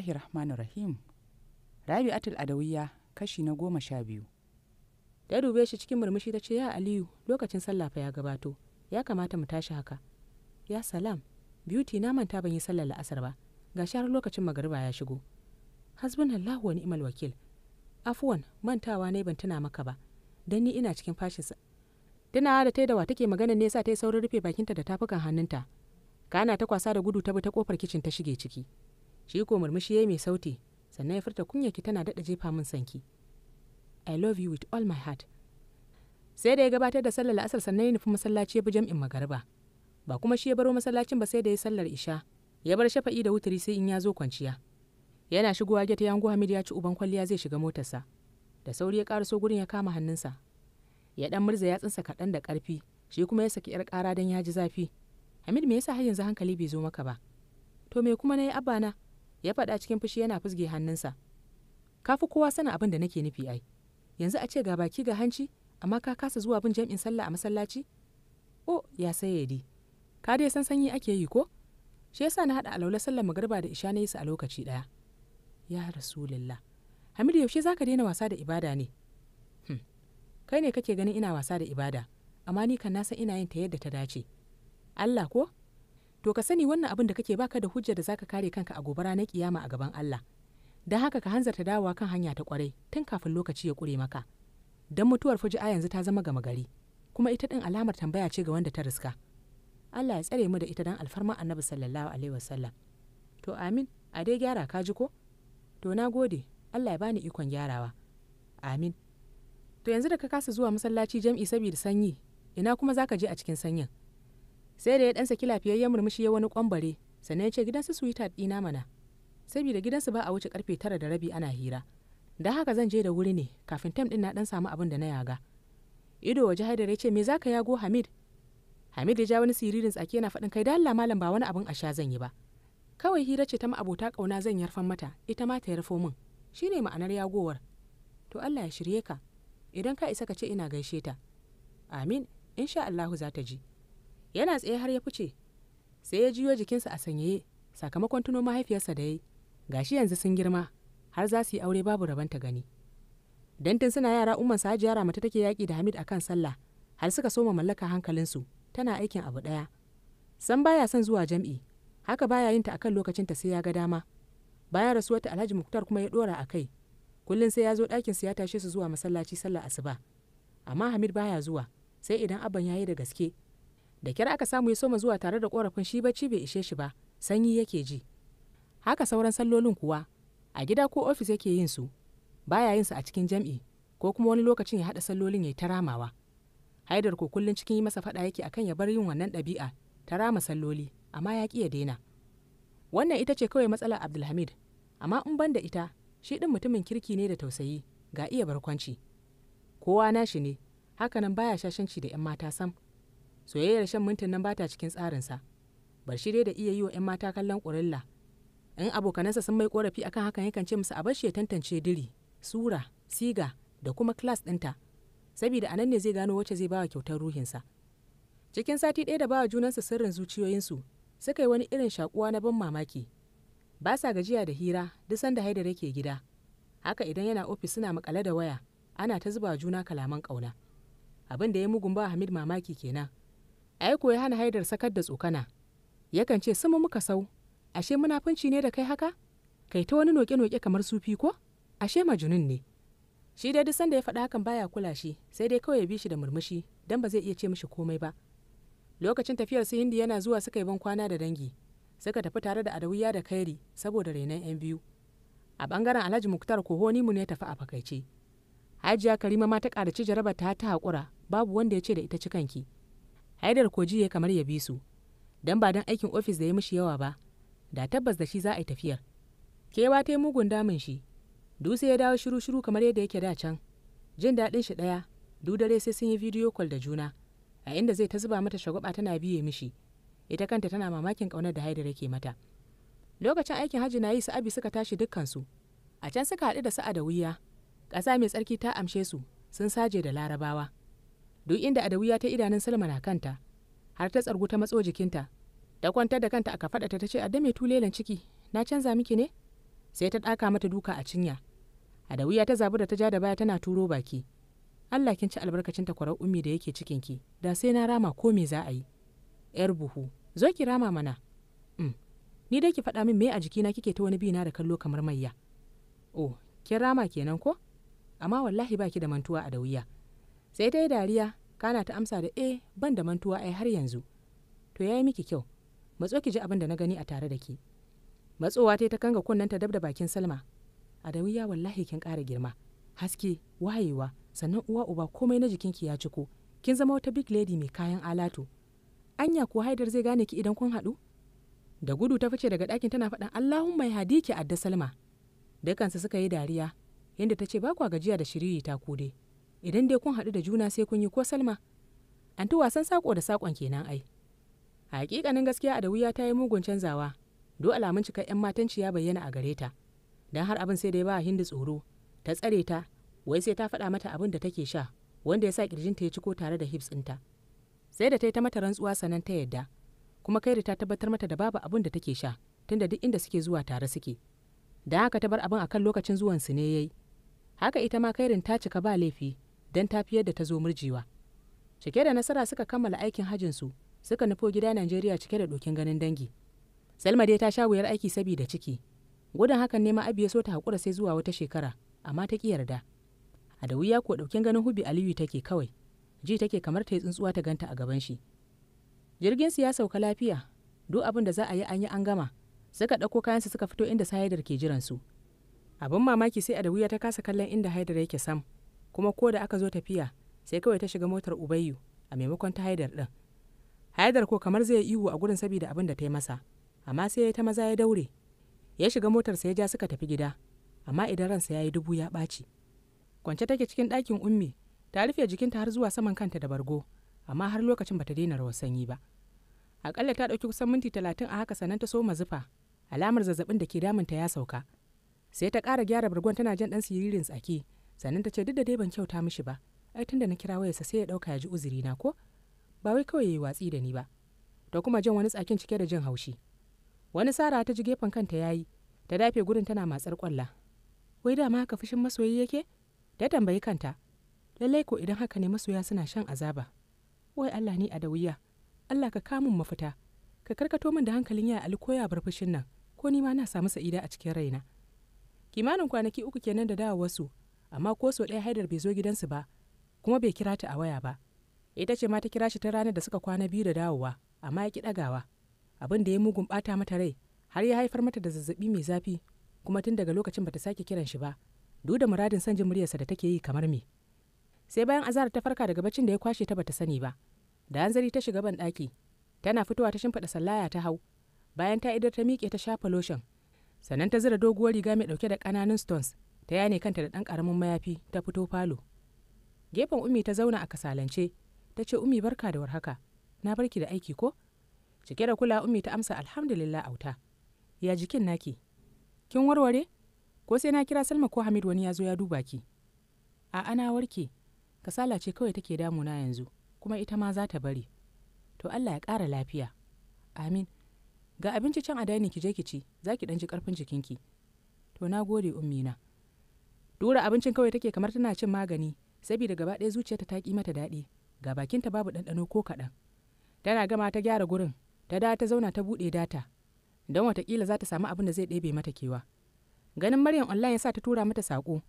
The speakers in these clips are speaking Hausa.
bismillahi rahmanir rahim rabi'atul adawiya kashi na goma sha biyu ta dube shi cikin murmushi ta ce ya aliyu lokacin sallah fa ya gabato ya kamata mu tashi haka ya salam beauty na manta ban yi sallar la'asar ba ga har lokacin magariba ya shigo hasbun allah wa ni'mal wakil afuwan mantawa ne ban tuna maka ba dan ni ina cikin fashin tunawa da ta da wa take magana ne sa ta yi saurin rufe bakinta da tafukan hannunta kana ta kwasa da gudu ta bi ta kofar kicin ta shige ciki shi ko murmushi yayi mai sauti sannan ya furta ki tana daɗa jefa min sanki i love you with all my heart sai da ya gabatar da sallar asar sannan ya nufi masallaci ya bi jam'in magariba ba kuma shi ya baro masallacin ba sai da ya sallar isha ya bar shafa'i da wuturi sai in ya zo kwanciya yana shigowa gate yango hamid ya ci uban kwalliya zai shiga motarsa da sauri ya so gurin ya kama hannunsa ya dan murza yatsunsa kaɗan da ƙarfi shi kuma ya saki yar ƙara don ya ji zafi hamid me yasa har yanzu hankali bai zo maka ba to me kuma na yi abana ya faɗa cikin fushi yana fusge hannunsa ka fi kowa sanin abin da nake nufi ai yanzu a ce ga baki ga hanci amma ka kasa zuwa bin jam'in sallah a masallaci o oh, ya saye di ka dai san sanyi ake yi ko shi yasa na haɗa alaula sallar magarba da isha na yi su a lokaci ɗaya ya rasulillah hamidu yaushe za ka daina wasa da ibada ne hmm. kai ne kake ganin ina wasa da ibada amma ni kan san ina yin ta yadda ta dace allah ko to ka sani wannan abin da kake baka da hujja da zaka kare kanka a gobe ranar kiyama a gaban Allah da haka ka hanzarta dawowa kan hanya ta kwarai tun kafin lokaci ya kure maka dan mutuwar a yanzu ta zama gama gari kuma ita din alamar tambaya ce ga wanda ta riska Allah ya tsare mu da ita dan alfarma Annabi sallallahu alaihi wasallam to amin a dai gyara ka ji ko to na gode Allah ya bani ikon gyarawa amin to yanzu da ka kasa zuwa masallaci jam'i saboda sanyi ina kuma zaka je a cikin sanyin sai da ya dan saki lafiyayyen murmushi ya wani kwambare sannan ya ce gidan su sweetheart ina mana saboda gidansu ba a wuce karfe tara da rabi ana hira da haka zan je da wuri ne kafin tem ɗin na dan samu abin da na yaga ido waje haidar ya ce me ka yago hamid hamid ya ja wani siririn tsaki yana faɗin kai da allah malam ba wani abin a sha zan yi ba kawai hira ce ta ma'abota kauna zan yarfan mata ita ma ta yarfo min shi ne ma'anar yagowar to allah ya shirye ka idan ka isa ka ce ina gaishe ta amin insha allahu za ta ji yana tsaye har ya fice sai ya jiyo jikinsa a sanyaye sakamakon tuno mahaifiyarsa da ya yi gashi yanzu sun girma har za su yi aure babu rabon ta gani dantin suna yara umman yara mata take yaƙi da hamid akan sallah har suka soma mallaka hankalinsu tana aikin abu ɗaya san baya son zuwa jam'i haka baya yin ta akan ta sai ya ga dama bayan rasuwarta alhaji muktar kuma ya ɗora a kai kullum sai ya zo ɗakin su ya tashe su zuwa masallaci sallah asuba amma hamid baya zuwa sai idan abban ya yi da gaske da kyar aka samu ya soma zuwa tare da korafin shi bacci bai ishe shi ba sanyi yake ji haka sauran sallolin kuwa a gida ko ofis yake yin su baya yin su a cikin jam'i ko kuma wani lokacin ya haɗa sallolin ya yi ta ramawa haidar ko kullum cikin yi masa faɗa yake akan ya bar yin wannan ɗabi'a ta rama salloli amma ya ƙi ya daina wannan ita ce kawai matsalar abdulhamid amma in ban da ita shi ɗin mutumin kirki ne da tausayi ga iya barkwanci kowa nashi ne hakanan baya shashanci da 'yan mata sam soyayyar shan mintin nan bata cikin tsarinsa bar shi dai da iya yi wa 'yan mata kallon ƙurilla in abokanansa sun mai ƙorafi akan hakan yakan ce musu a bar shi ya tantance diri sura siga da kuma klas ɗinta saboda anan ne zai gano wacce zai bawa kyautar ruhinsa cikin sati ɗaya da bawa junansu sirrin zuciyoyinsu suka yi wani irin shakuwa na ban mamaki ba sa gajiya da hira duk sanda haidar yake gida haka idan yana ofis suna makale da waya ana ta zuba juna kalaman ƙauna abin da ya mugun ba hamid mamaki kenan Aiko ya hana haidar sakar da tsokana yakan ce sumu muka sau ashe munafunci ne da kai haka kai ta wani noke-noke kamar sufi ko ashe majunun ne shi dai duk sanda ya faɗa hakan baya kula shi sai dai kawai ya bi shi da murmushi dan ba zai iya ce mishi komai ba lokacin tafiyar su hindi yana zuwa suka yi ban kwana da dangi suka tafi tare da adawiya da kairi saboda renon yan biyu a bangaren alhaji muktar kohoni mu ne tafi a fakaice hajiya karima ma ta karaci jarabar ta ta haƙura babu wanda ya ce da ita cikanki haidar ko jiya ya kamar ya bi su don ba dan aikin ofis da ya mishi yawa ba da tabbas da shi za a yi tafiyar kewa ta yi mugun damun shi dutse ya dawo shiru shiru kamar yadda yake da can jin daɗin shi ɗaya dare sai sun yi bidiyo call da juna a inda zai ta zuba mata shagwaba tana biye mishi ita kanta tana mamakin ƙaunar da haidar yake mata lokacin aikin hajji na yi su abi suka tashi dukkansu a can suka haɗu da sa'a da wuya ƙasa mai tsarki ta amshe su sun saje da larabawa duk inda Adawuya ta idanun salma na kanta har ta tsargu ta matso jikinta ta kwantar da kanta aka faɗa ta ce a dame tulelan ciki na canza miki ne sai ta ɗaka mata duka a cinya wuya ta zabi da ta ja da baya tana turo baki allah kin ci albarkacin takwarar ummi da yake cikinki da sai na rama ko me za a yi yar buhu zo ki rama mana mm. ni dai ki faɗa min me a jikina kike ta wani bina da kallo kamar mayya oh kin rama kenan ko amma wallahi baki da mantuwa a wuya sai ta yi dariya kana ta amsa da e ban da mantuwa ai har yanzu to ya yi miki kyau matso ki ji abin da na gani a tare da ki matsowa ta ta kanga ta dab da bakin salma a da wuya wallahi kin kara girma haske wayewa sannan uwa uba komai na jikinki ya ciko kin zama wata big lady mai kayan alatu anya ko haidar zai gane ki idan kun haɗu da gudu ta fice daga ɗakin tana faɗan allahumma ya ki adda salma dukansu suka yi dariya yadda ta ce ba kwa gajiya da shiriri ta kude idan dai kun haɗu da juna sai kun yi ko salma an ta wasan sako da sakon kenan ai haƙiƙanin gaskiya a da wuya ta yi mugun canzawa do alamun cikar yan matanci ya bayyana a gare ta dan har abin sai da ya ba hindu tsoro ta tsare ta wai sai ta faɗa mata abin da take sha wanda ya sa ta ya ciko tare da hips ɗinta sai da ta yi ta mata rantsuwa sanan ta yadda kuma kai da ta tabbatar mata da babu abin da take sha tunda duk inda suke zuwa tare suke da haka ta bar abin akan lokacin zuwan su ne yayi haka ita ma kairin ta cika ba laifi don tafiyar da ta zo murjewa cike da nasara suka kammala aikin hajinsu suka nufo gida najeriya cike da dokin ganin dangi salma dai ta sha wuyar aiki saboda ciki gudun hakan nema ma ya so ta haƙura sai zuwa wata shekara amma ta ƙi yarda a da wuya ko ɗaukin ganin hubi aliyu take kawai ji take kamar ta yi tsuntsuwa ta ganta a gaban shi jirgin su ya sauka lafiya duk abin da za a yi an yi an gama suka ɗauko kayansu suka fito inda sahidar ke jiransu. abin mamaki sai a da wuya ta kasa kallon inda haidar yake sam kuma ko da aka zo tafiya sai kawai ta shiga motar ubayu, a maimakon ta haidar ɗin haidar ko kamar zai ihu a gurin sabida abin da ta yi masa amma sai ya ta maza ya daure ya shiga motarsa ya ja suka tafi gida amma idan ransa ya yi dubu ya ɓaci kwance take cikin ɗakin ummi ta rufe jikinta har zuwa saman kanta da bargo amma har lokacin bata daina rawar sanyi ba akalla ta ɗauki kusan minti talatin a haka sannan ta soma zufa alamar zazzabin da ke damunta ya sauka sai ta ƙara gyara bargon tana jan ɗan siririn tsaki sannan ta ce duk da dai ban kyauta mishi ba ai tunda na kira wayarsa sai ya dauka ya ji uzuri na ko ba wai kawai ya yi watsi da ni ba da kuma jin wani tsakin cike da jin haushi wani sara ta ji gefen kanta yayi ta dafe gurin tana matsar kwalla wai dama haka fushin masoyi yake ta tambayi kanta lallai ko idan haka ne masoya suna shan azaba wai allah ni a da wuya allah ka kamu mafita ka karkato min da hankalin ya ali koya bar fushin nan ko ni ma na samu sa'ida a cikin raina kimanin kwanaki uku kenan da dawo wasu. amma ko so ɗaya haidar bai zo gidansu ba kuma bai kira ta a waya ba ita ce ma ta kira shi ta ranar da suka kwana biyu da dawowa amma ya ki ɗagawa abin da ya mugun ɓata mata rai har ya haifar mata da zazzaɓi mai zafi kuma tun daga lokacin bata sake kiran shi ba duk da muradin son jin muryarsa da take yi kamar me sai bayan azara ta farka daga baccin da ya kwashe ta bata sani ba da hanzari ta shiga ban ɗaki tana fitowa ta shimfiɗa sallaya ta hau bayan ta idar ta miƙe ta shafa lotion sannan ta zira doguwar riga mai ɗauke da ƙananan stones ta yane kanta da ɗan ƙaramin mayafi ta fito falo gefen umi ta zauna a kasalance ta ce umi barka da warhaka na barki da aiki ko cike da kula umi ta amsa alhamdulillah auta ya jikin naki kin warware ko sai na kira salma ko hamid wani ya zo ya duba ki a ana warke kasala ce kawai take na yanzu kuma ita ma za ta bari to allah ya ƙara lafiya amin ga abinci can a dani ki je ki ci za ki ɗan ji ƙarfin jikinki to na gode ummina dura abincin kawai take kamar tana cin magani saboda gaba ɗaya zuciyarta ta ƙi mata daɗi ga bakinta babu ɗanɗano ko kaɗan tana gama ta gyara gurin ta da ta zauna ta buɗe data don watakila za ta samu abin da zai ɗebe mata kewa ganin maryam online ya sa ta tura mata saƙo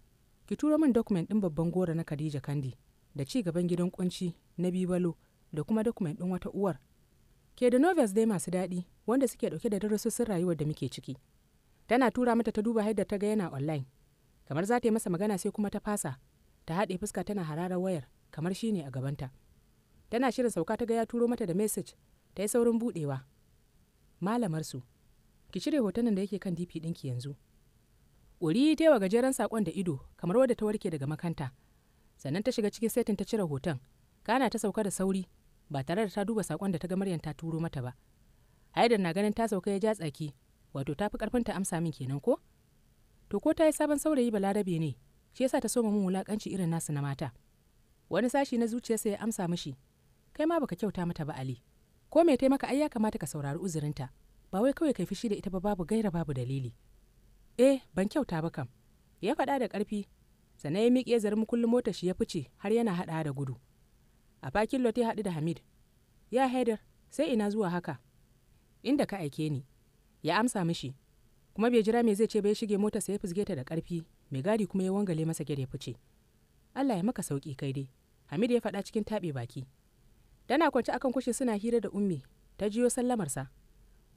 ki turo min dokumen ɗin babban goro na khadija kandi da ci gaban gidan kunci na bibalo da kuma dokumen ɗin wata uwar ke da novels dai masu daɗi wanda suke ɗauke da darussussun rayuwar da muke ciki tana tura mata ta duba yadda ta ga yana online kamar za ta yi masa magana sai kuma ta fasa ta haɗe fuska tana hararar wayar kamar shine a gabanta tana shirin sauka ta ga ya turo mata da message ta yi saurin buɗewa malamar su ki cire hotunan da yake kan dp ɗinki yanzu uri ta wa gajeren saƙon da ido kamar wadda ta warke daga makanta sannan ta shiga cikin setin ta cire hoton kana ta sauka da sauri ba tare da ta duba saƙon da ta ga maryan ta turo mata ba haidar na ganin ta sauka ya ja tsaki wato ta fi ƙarfin ta amsa min kenan ko to ko ta yi sabon saurayi balarabe ne shi yasa ta soma mun wulakanci irin nasu na mata wani sashi na zuciyarsa ya amsa mishi kai ma baka kyauta mata ba ali ko me taimaka ai ya kamata ka saurari uzurinta ba wai kawai kai fishi da ita ba babu gaira babu dalili eh ban kyauta ba kam ya faɗa da ƙarfi sannan ya miƙe zarin kullum motar shi ya fice har yana haɗa da gudu a fakin lot ya haɗu da hamid ya haidar sai ina zuwa haka inda ka aike ni ya amsa mishi kuma bai jira me zai ce bai shige motarsa ya fusge ta da ƙarfi mai gadi kuma ya wangale masa gida ya fice Allah ya maka sauki kai dai Hamidu ya faɗa cikin taɓe baki tana kwance akan kushe suna hira da ummi ta jiyo sallamarsa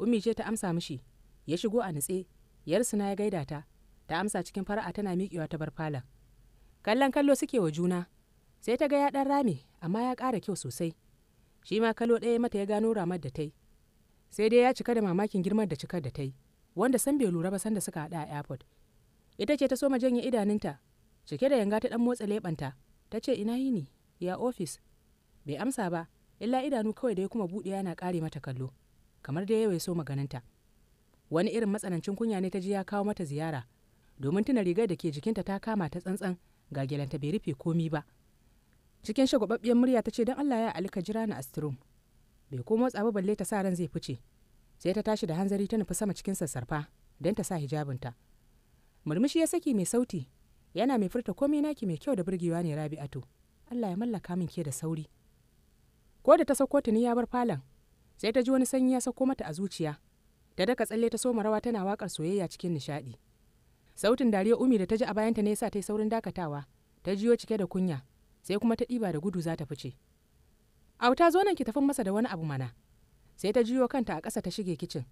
ummi ce ta amsa mishi ya shigo a nutse yar suna ya gaida ta ta amsa cikin fara'a tana miƙewa ta bar falon kallon kallo suke wa juna sai ta ga ya ɗan rame amma ya ƙara kyau sosai shi ma kallo ɗaya mata ya gano ramar da ta yi sai dai ya cika da mamakin girmar da cikar da ta yi wanda san bai lura ba sanda suka haɗa a airport ita ce ta so ma janye idanunta cike da yanga ta dan motsa lebanta ta ce ina yini ya ofis bai amsa ba illa idanu kawai da ya kuma buɗe yana kare mata kallo kamar dai ya so maganinta wani irin matsanancin kunya ne ta ji ya kawo mata ziyara domin tuna rigar da ke jikinta ta kama ta tsantsan ga gelanta bai rufe komi ba cikin shagwababbiyar murya ta ce don allah ya alika jira ni a bai komo motsa balle ta sa ran zai fice sai ta tashi da hanzari ta nufi sama cikin sassarfa don ta sa hijabinta murmushi ya saki mai sauti yana mai furta komai naki mai kyau da burgewa ne rabi'atu allah ya mallaka min ke da sauri ko da ta sauko tuni ya bar falon sai ta ji wani sanyi ya sauko mata a zuciya ta daka tsalle ta soma rawa tana wakar soyayya cikin nishadi sautin dariya umi da ta ji a bayanta ne yasa ta yi saurin dakatawa ta jiyo cike da kunya sai kuma ta ɗiba da gudu za ta fice auta zo nan ki tafi masa da wani abu mana sai ta jiyo kanta a ƙasa ta shige kicin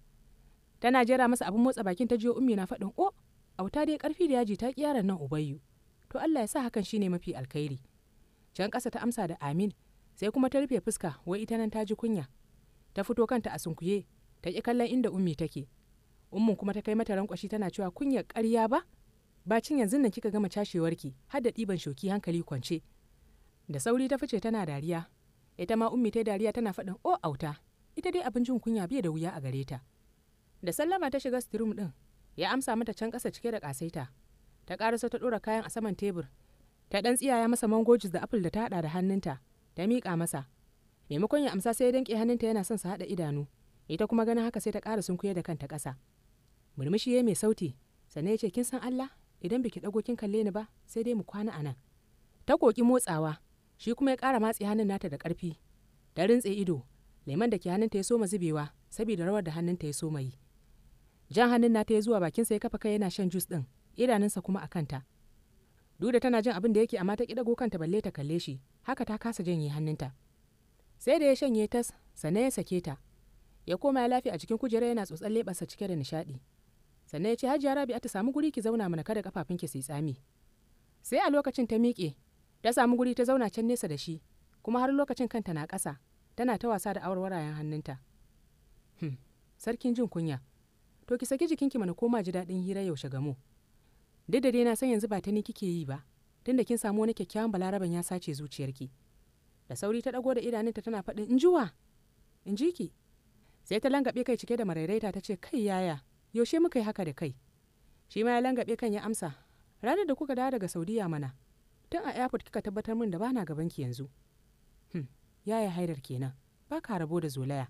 tana jera masa abin motsa bakin ta jiyo ummi na faɗin o oh, auta dai ƙarfi da yaji ta kiyara nan ubayyu to Allah ya sa hakan shine mafi alkhairi can ƙasa ta amsa da amin sai kuma ta rufe fuska wai ita nan ta ji kunya ta fito kanta a sunkuye ta ƙi kallon inda ummi take ummin kuma ta kai mata rankwashi tana cewa kunyar ƙarya ba ba cin yanzu nan kika gama cashewarki har da ɗiban shoki hankali kwance da sauri ta fice tana dariya ita ma ummi ta dariya tana faɗin o oh, auta ita dai abin jin kunya bai da wuya a gare ta da sallama ta shiga sitirum din ya amsa mata can ƙasa cike da ƙasaita ta ƙarasa ta ɗora kayan a saman tebur ta ɗan tsiyaya masa mangojis da apple da ta haɗa da hannunta ta miƙa masa maimakon ya amsa sai ya danƙe hannunta yana son su haɗa idanu ita kuma ganin haka sai ta ƙara sunkuya da kanta ƙasa murmushi ya mai sauti sannan ya ce kin san Allah idan biki ɗago kin kalle ni ba sai dai mu kwana a nan ta koki motsawa shi kuma ya kara matsi hannun nata da ƙarfi ta rintse ido leman da ke hannunta ya soma zubewa saboda rawar da hannunta ya soma yi jan hannun nata ya zuwa bakinsa ya kafa kai yana shan jus din idanunsa kuma a kanta duda tana jin abin da yake amma ta kidago kanta balle ta kalle shi haka ta kasa janye hannunta sai da ya shanye ta sannan ya sake ta ya koma ya lafi a cikin kujera yana tsotsar lebarsa cike da nishadi sannan ya ce hajiya rabi'a ta samu guri ki zauna mana kada ki su yi tsami sai a lokacin ta miƙe ta samu guri ta zauna can nesa da shi kuma har lokacin kanta na ƙasa tana ta wasa da awarwarayen hannunta hmm. sarkin jin kunya to ki saki jikinki mana koma ji daɗin hira yaushe gamo duk da dai na san yanzu ba ta ni kike yi ba tunda kin samu wani kyakkyawan balaraban ya sace zuciyarki da sauri ta ɗago da idanunta tana faɗin in juwa in ji ki sai ta langaɓe kai cike da marairaita ta ce kai yaya yaushe muka yi haka da kai shi ma ya langaɓe kan ya amsa ranar da kuka dawo daga saudiya mana tun a airport kika tabbatar min da bana gaban ki yanzu hmm, yaya haidar kenan ba ka rabo da zolaya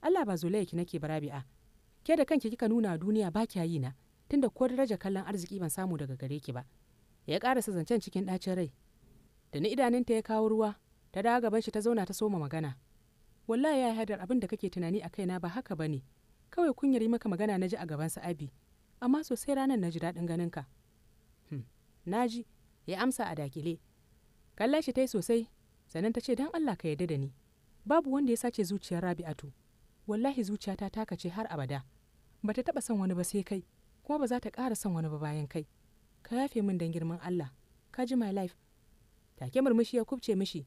allah ba zolaya ki nake barabi'a ke da kanki kika nuna duniya ba kya yi na tunda ko daraja kallon arziki ban samu daga gare ki ba ya karasa zancen cikin ɗacin rai da ni idanunta ya kawo ruwa ta dawo gaban shi ta zauna ta soma magana wallahi ya haidar abin da kake tunani a kaina ba haka ba ne kawai kunyar yi maka magana na ji a gaban abi amma sosai ranar na ji daɗin ganinka naji hmm, na ji ya amsa a dakile kallon shi ta yi sosai sannan ta ce don allah ka yarda da ni babu wanda ya sace zuciyar rabi'atu wallahi zuciyata taka ce har abada bata taba son wani ba sai kai kuma ba za ta ƙara son wani ba bayan kai ka yafe min don girman allah ka ji my life take murmushi ya kubce mishi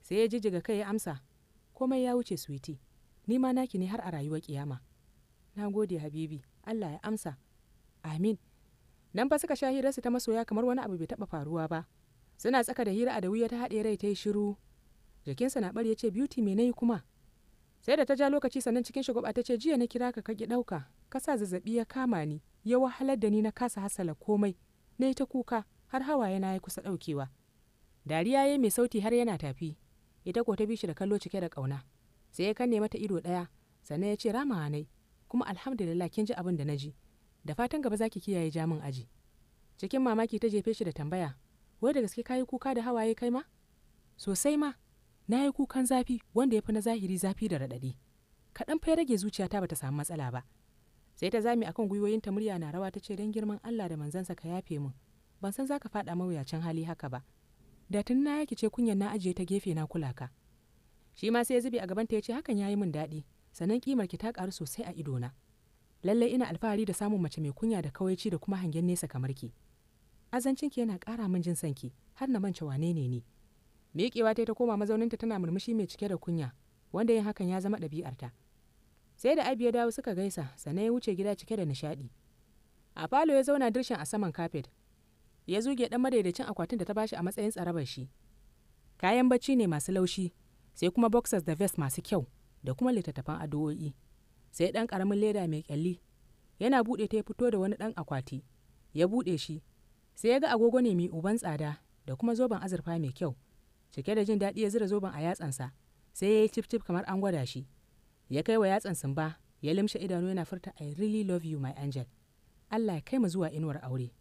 sai ya jijjiga kai ya amsa komai ya wuce suwiti ni ma naki ne har a rayuwar kiyama na gode habibi allah ya amsa amin nan fa suka sha hirarsu ta masoya kamar wani abu bai taɓa faruwa ba suna tsaka da hira a da wuya ta haɗe rai ta yi shiru jikinsa na bari ya ce beauty me yi kuma sai da ta ja lokaci sannan cikin shagwaba ta ce jiya na kira ka kaki ɗauka kasa zazzabi ya kama ni ya wahalar da ni na kasa hasala komai na yi ta kuka har hawaye na ya kusa ɗaukewa dariya ya mai sauti har yana tafi ita ko ta bi shi da kallo cike da ƙauna sai ya kanne mata ido ɗaya sannan ya ce rama ne, kuma alhamdulillah kin ji abin da na ji da fatan gaba zaki kiyaye jamin aji cikin mamaki ta jefe shi da tambaya wai da gaske kayi kuka da hawaye kai ma sosai ma na yi kukan zafi wanda ya fi na zahiri zafi da raɗaɗi kaɗan fa ya rage zuciyata bata samu matsala ba sai ta zame akan ta murya na rawa ta ce don girman Allah da manzansa ka yafe min ban san zaka faɗa mawuyacin hali haka ba da tun na yake ce kunyan na ajiye ta gefe na kula ka shi ma sai ya zube a gaban ta ya ce hakan ya yi min daɗi sannan kimar ki ta ƙaru sosai a idona lallai ina alfahari da samun mace mai kunya da kawaici da kuma hangen nesa kamar ki azancin ki yana ƙara min jin sanki har na mance wane ne ni miƙewa ta ta koma mazauninta tana murmushi mai cike da kunya wanda yin hakan ya zama ɗabi'arta sai da abi ya dawo suka gaisa sannan ya wuce gida cike da nishaɗi a falo ya zauna dirshin a saman kafet ya zuge ɗan madaidaicin akwatin da ta bashi a matsayin tsarabar shi kayan bacci ne masu laushi sai kuma boxers da vest masu kyau da kuma littattafan addu'o'i sai ɗan ƙaramin leda mai ƙyalli yana buɗe ta ya fito da wani ɗan akwati ya buɗe shi sai ya ga agogo ne mai uban tsada da kuma zoben azurfa mai kyau cike da jin daɗi ya zira zoben a yatsansa sai ya yi cif kamar an gwada shi ya kai wa yatsan sumba ya limshe idanu yana furta i really love you my angel allah ya kai mu zuwa inuwar aure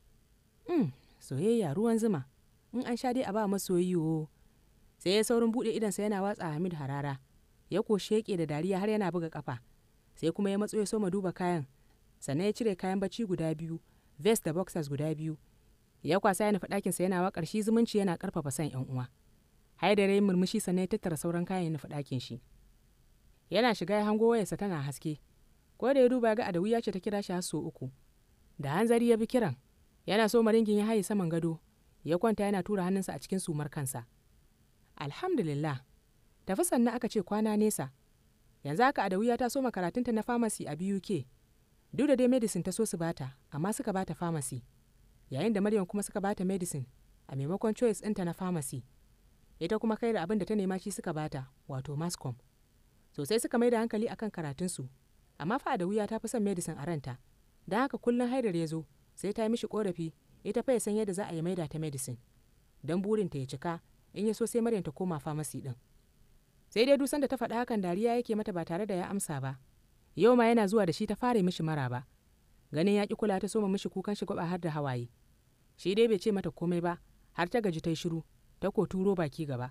mm, soyayya ruwan zuma in an sha dai a ba masoyi sai ya saurin buɗe sa yana watsa hamid harara ya ko sheƙe da dariya har yana buga kafa sai kuma ya matso ya soma duba kayan sannan ya cire kayan bacci guda biyu vest da boxers guda biyu ya kwasa yana nufi ɗakinsa yana waƙar shi zumunci yana ƙarfafa son 'yan uwa. haidare ya murmushi sannan ya tattara sauran kayan nufa ɗakin shi yana shiga ya hango wayarsa tana haske ko da ya duba ga adawu ya ce ta kira shi har sau uku da hanzari ya bi kiran yana so maringin ya haye saman gado ya kwanta yana tura hannunsa a cikin sumar kansa alhamdulillah tafi sannan aka ce kwana nesa yanzu haka adawu ta soma karatunta na famasi a buk duk da dai medicine ta so su bata amma suka bata famasi yayin da maryam kuma suka bata medicine a maimakon choice ɗinta na famasi ita kuma kai da abin da ta nema shi suka bata wato mascom sosai suka mai da hankali akan karatunsu amma fa da wuya ta fi son medicine a ranta don haka kullum haidar ya zo sai ta yi mishi korafi ita fa ya san yadda za a yi maida ta medicine don ta ya cika in ya so sai maryam ta koma famasi din sai dai dusan da ta faɗa hakan dariya yake mata ba tare da ya amsa ba yau ma yana zuwa da shi ta fara mishi ba ganin ya ki kula ta soma mishi kukan shi gwaba har da hawaye shi dai bai ce mata komai ba har ta gaji ta yi shiru ta ko turo baki gaba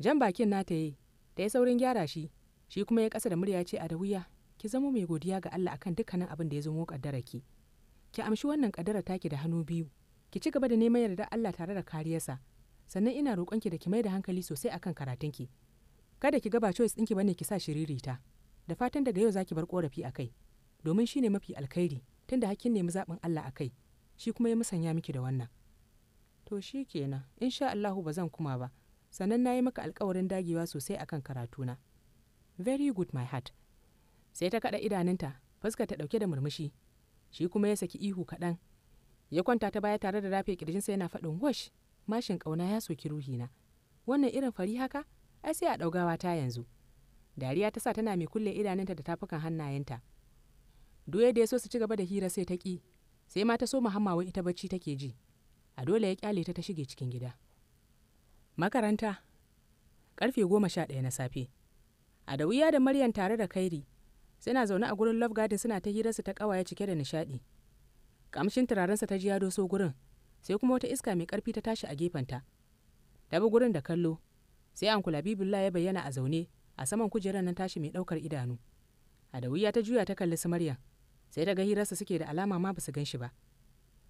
jan bakin nata yi da ya saurin gyara shi shi kuma ya kasa da murya ce a da wuya ki zama mai godiya ga Allah akan dukkanin abin da ya zamo kaddara ki ki amshi wannan kaddara taki da hannu biyu ki ci gaba da neman yarda Allah tare da kariyarsa sannan ina roƙonki da ki mai da hankali sosai akan karatunki kada ki gaba choice ɗinki bane ki sa shiririta da fatan daga yau zaki bar korafi akai domin shine mafi alkhairi tunda hakkin nemi zaɓin Allah akai shi kuma ya musanya miki da wannan to shi kenan insha Allahu ba zan kuma ba sannan na yi maka alkawarin dagewa sosai a kan karatuna very good my heart sai ta kada idanunta fuska ta dauke da murmushi shi kuma ya saki ihu kaɗan ya kwanta ta baya tare da rafe kirjinsa yana faɗin wash mashin ƙauna ya soki na. wannan irin fari haka ai sai a ɗaugawa ta yanzu dariya ta sa tana mai kulle idanunta da tafukan hannayenta doye da ya so su ci gaba da hira sai ta ƙi sai ma ta so muhammawa ita bacci take ji a dole ya kyale ta ta shige cikin gida makaranta karfe goma sha ɗaya na safe a da wuya da maryam tare da kairi suna zaune a gurin love garden suna ta hirarsu ta ƙawaye cike da nishaɗi kamshin turarensa ta ji ya doso gurin sai kuma wata iska mai ƙarfi ta tashi a gefenta ta bi gurin da kallo sai kula labibullah ya bayyana a zaune a saman kujerar nan tashi mai ɗaukar idanu a da wuya ta juya ta kalli su maryam sai daga hirarsa suke da alama ma ba su gan shi ba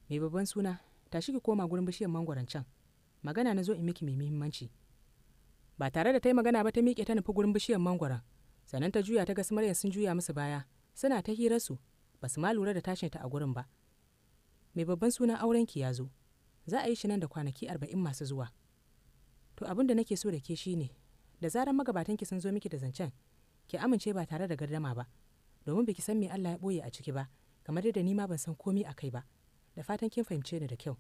mai babban suna tashi ki koma gurin bishiyar mangwaron can magana na zo in miki mai muhimmanci ba tare da ta yi magana ba ta miƙe ta nufi gurin bishiyar mangwaron sannan ta juya ta ga sumarya sun juya musu baya suna ta hirarsu ba su ma lura da tashin ta a gurin ba mai babban sunan aurenki ya zo za a yi shi nan da kwanaki arba'in masu zuwa to abin da nake so da ke shi ne, da zarar ki sun zo miki da zancen ki amince ba tare da gardama ba domin biki san me Allah ya ɓoye a ciki ba kamar yadda ni ma ban san komi a kai ba da fatan kin fahimce ni da kyau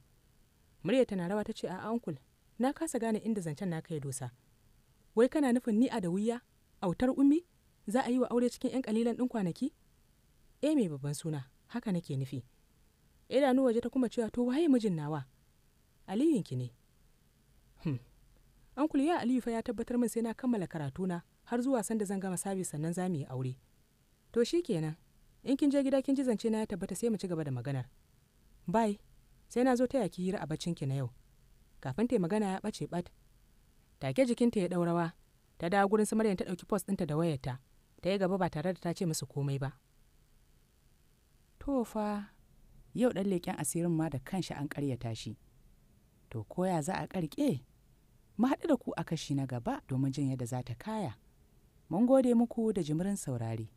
murya tana rawa ta ce a ankul na kasa gane inda zancen naka ya dosa wai kana nufin ni a da wuya autar ummi za a yi wa aure cikin 'yan kalilan ɗin kwanaki eh mai babban suna haka nake nufi idanu waje ta kuma cewa to waye mijin nawa ki ne hmm. ankul ya aliyu fa ya tabbatar min sai na kammala karatuna har zuwa sanda zan gama sabis sannan za mu yi aure to shikenan in kin je gida kin ji zance na ya tabbata sai mu ci gaba da maganar bai sai na zo ta ki hira a ki na yau kafin ta magana ya ɓace ɓat take jikinta ya ɗau rawa ta dawo gurin su maryam ta ɗauki post ɗinta da wayarta ta yi gaba ba tare da ta ce musu komai ba tofa yau ɗan leƙen asirin ma da kanshi an ƙaryata shi to koya za a ƙarƙe mu haɗu da ku a kashi na gaba domin jin yadda za ta kaya mun gode muku da jimirin saurari.